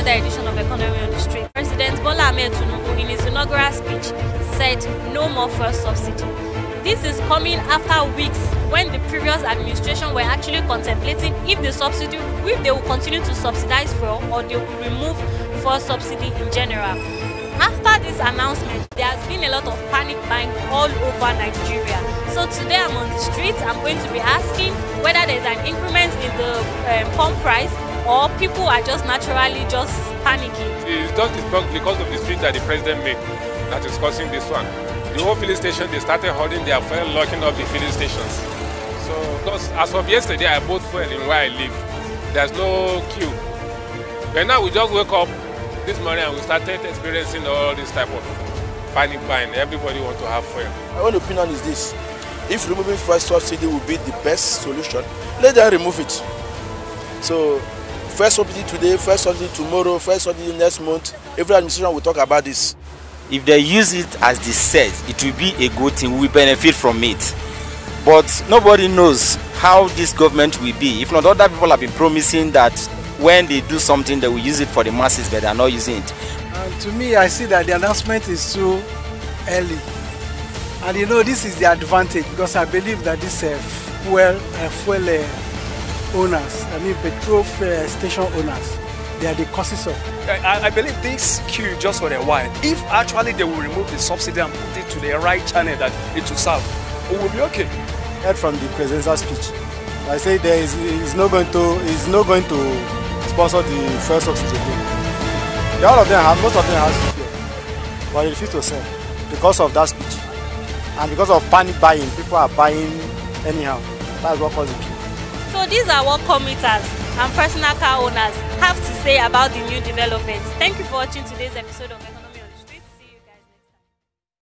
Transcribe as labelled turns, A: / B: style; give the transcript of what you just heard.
A: another edition of Economy on the Street. President Bola Tinubu, in his inaugural speech, said no more fuel subsidy. This is coming after weeks when the previous administration were actually contemplating if the subsidy, if they will continue to subsidize fuel or they will remove fuel subsidy in general. After this announcement, there has been a lot of panic buying all over Nigeria. So today I'm on the streets. I'm going to be asking whether there's an increment in the um, pump price or people are just naturally just panicking.
B: It's just because of the speech that the president made that is causing this one. The whole filling station, they started holding their fuel, locking up the filling stations. So, because as of yesterday, I bought fuel in where I live. There's no queue. But now we just wake up this morning and we started experiencing all this type of panic buying. Everybody wants to have fuel.
C: My own opinion is this. If removing fuel subsidy would be the best solution, let them remove it. So first subsidy today first subsidy tomorrow first subsidy next month every administration will talk about this.
D: if they use it as they said it will be a good thing we will benefit from it but nobody knows how this government will be if not other people have been promising that when they do something they will use it for the masses but they are not using it.
E: And to me i see that the announcement is too early and you know this is the advantage because i believe that this uh, fuel uh, fuel uh, owners, I mean petrol uh, station owners, they are the causes of.
C: I, I believe this queue just for a while. If
E: actually they will remove the subsidy and put it to the right channel that it will serve, it will be okay.
C: Heard from the presidential speech, I say there is is not going to is not going to sponsor the first subsidy again. All of them have most of them have
D: secure, but they refuse to sell because of that speech and because of panic buying. People are buying anyhow. That's what caused the queue.
A: So these are what commuters and personal car owners have to say about the new developments. Thank you for watching today's episode of